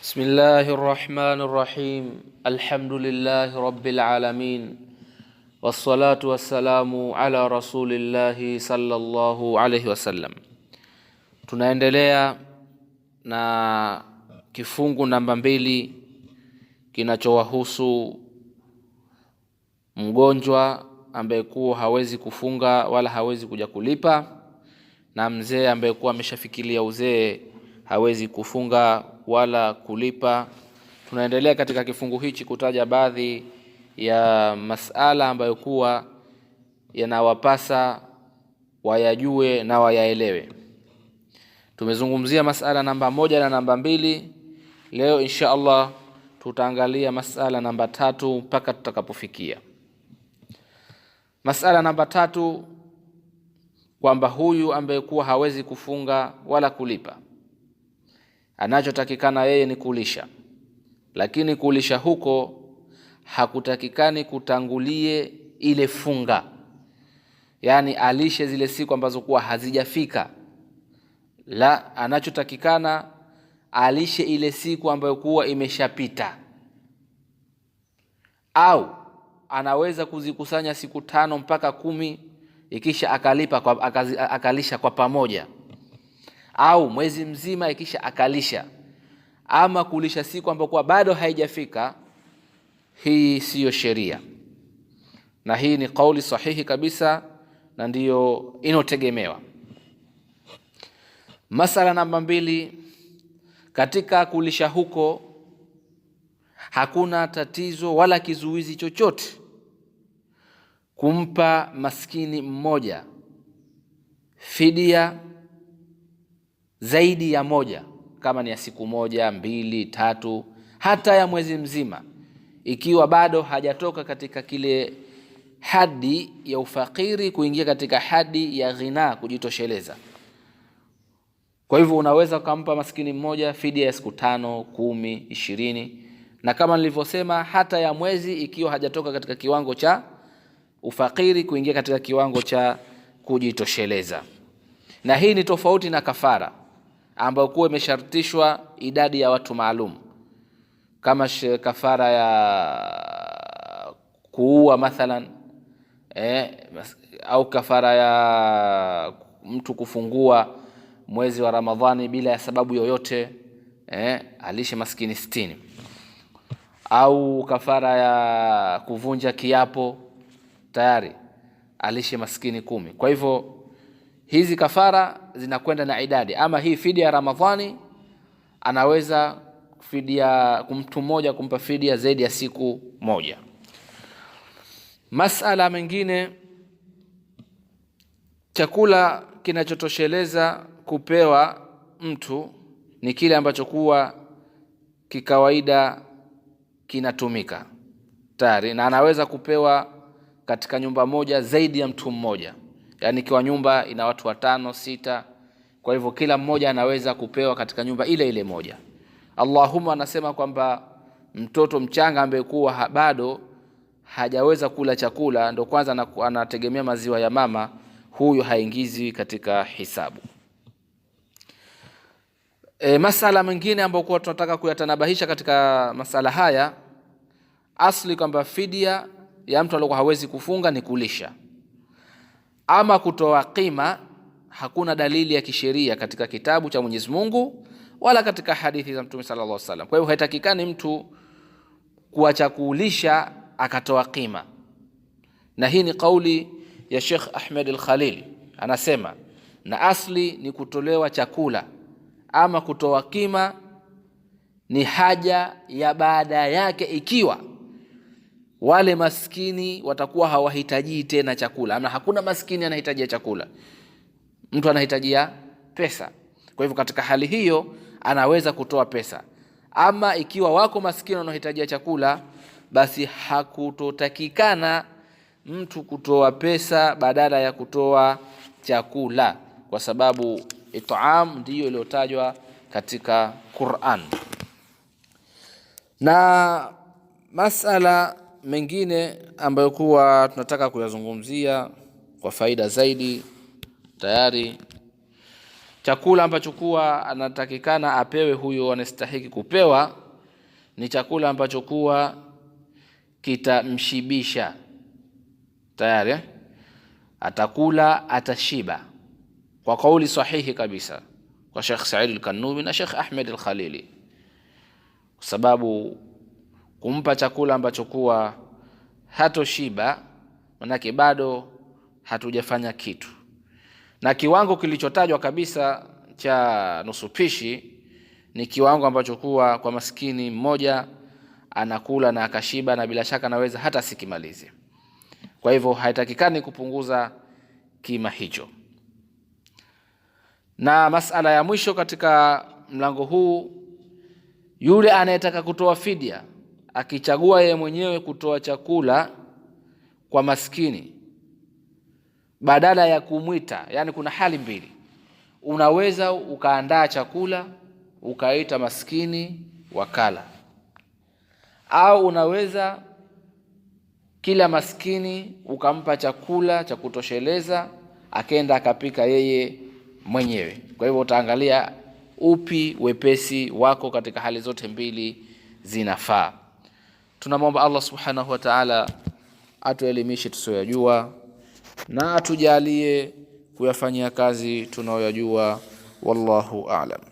بسم الله الرحمن الرحيم الحمد لله رب العالمين والصلاة والسلام على رسول الله صلى الله عليه وسلم Tunaendelea na kifungu namba mbili kinachowahusu mgonjwa ambaye kuwa hawezi kufunga wala hawezi kuja kulipa na mzee ambaye kuwa ameshafikilia uzee hawezi kufunga wala kulipa. Tunaendelea katika kifungu hichi kutaja baadhi ya masala ambayo kuwa yanawapasa wayajue na wayaelewe. Tumezungumzia masala namba moja na namba mbili. Leo insha Allah tutaangalia masala namba tatu mpaka tutakapofikia masala namba tatu, kwamba huyu ambaye kuwa hawezi kufunga wala kulipa Anachotakikana yeye ni kulisha, lakini kulisha huko hakutakikani kutangulie ile funga, yaani alishe zile siku ambazo kuwa hazijafika. La, anachotakikana alishe ile siku ambayo kuwa imeshapita, au anaweza kuzikusanya siku tano mpaka kumi, ikisha akalipa kwa, akalisha kwa pamoja au mwezi mzima ikisha akalisha ama kulisha siku ambayo bado haijafika, hii siyo sheria, na hii ni kauli sahihi kabisa na ndiyo inotegemewa. Masala namba mbili, katika kulisha huko hakuna tatizo wala kizuizi chochote kumpa maskini mmoja fidia zaidi ya moja, kama ni ya siku moja, mbili, tatu, hata ya mwezi mzima, ikiwa bado hajatoka katika kile hadi ya ufakiri kuingia katika hadi ya ghina, kujitosheleza. Kwa hivyo unaweza ukampa maskini mmoja fidia ya siku tano, kumi, ishirini, na kama nilivyosema, hata ya mwezi ikiwa hajatoka katika kiwango cha ufakiri kuingia katika kiwango cha kujitosheleza. Na hii ni tofauti na kafara ambayo kuwa imeshartishwa idadi ya watu maalum, kama kafara ya kuua mathalan eh, au kafara ya mtu kufungua mwezi wa Ramadhani bila ya sababu yoyote eh, alishe maskini sitini au kafara ya kuvunja kiapo tayari alishe maskini kumi. Kwa hivyo hizi kafara zinakwenda na idadi. Ama hii fidia ya Ramadhani anaweza fidia mtu mmoja kumpa fidia zaidi ya siku moja. Masala mengine, chakula kinachotosheleza kupewa mtu ni kile ambacho kuwa kikawaida kinatumika tayari, na anaweza kupewa katika nyumba moja zaidi ya mtu mmoja yani ikiwa nyumba ina watu watano sita, kwa hivyo kila mmoja anaweza kupewa katika nyumba ile ile moja. allahuma anasema kwamba mtoto mchanga ambaye kuwa bado hajaweza kula chakula ndo kwanza anategemea maziwa ya mama, huyu haingizi katika hisabu. E, masala mengine ambayo kuwa tunataka kuyatanabahisha katika masala haya asli kwamba fidia ya mtu aliokuwa hawezi kufunga ni kulisha ama kutoa qima, hakuna dalili ya kisheria katika kitabu cha Mwenyezi Mungu wala katika hadithi za Mtume sallallahu alaihi wasallam. Kwa hiyo haitakikani mtu kuacha kuulisha akatoa qima, na hii ni kauli ya Sheikh Ahmed al-Khalili, anasema na asli ni kutolewa chakula ama kutoa qima ni haja ya baada yake ikiwa wale maskini watakuwa hawahitaji tena chakula, ama hakuna maskini anahitajia chakula, mtu anahitajia pesa. Kwa hivyo katika hali hiyo anaweza kutoa pesa, ama ikiwa wako maskini wanaohitajia chakula, basi hakutotakikana mtu kutoa pesa badala ya kutoa chakula, kwa sababu itaam ndiyo iliyotajwa katika Qur'an na masala mengine ambayo kuwa tunataka kuyazungumzia kwa faida zaidi, tayari chakula ambacho kuwa anatakikana apewe huyo anastahiki kupewa ni chakula ambacho kuwa kitamshibisha tayari, eh? atakula atashiba, kwa kauli sahihi kabisa kwa Sheikh Said al-Kanubi na Sheikh Ahmed al-Khalili, kwa sababu kumpa chakula ambacho kuwa hatoshiba, manake bado hatujafanya kitu. Na kiwango kilichotajwa kabisa cha nusu pishi ni kiwango ambacho kuwa kwa maskini mmoja anakula na akashiba, na bila shaka anaweza hata sikimalize. Kwa hivyo haitakikani kupunguza kima hicho. Na masala ya mwisho katika mlango huu, yule anayetaka kutoa fidia akichagua yeye mwenyewe kutoa chakula kwa maskini badala ya kumwita. Yani kuna hali mbili, unaweza ukaandaa chakula ukaita maskini wakala, au unaweza kila maskini ukampa chakula cha kutosheleza akenda akapika yeye mwenyewe. Kwa hivyo utaangalia upi wepesi wako, katika hali zote mbili zinafaa. Tunamwomba Allah subhanahu wa ta'ala atuelimishe tusiyoyajua na atujalie kuyafanyia kazi tunayoyajua. Wallahu a'lam.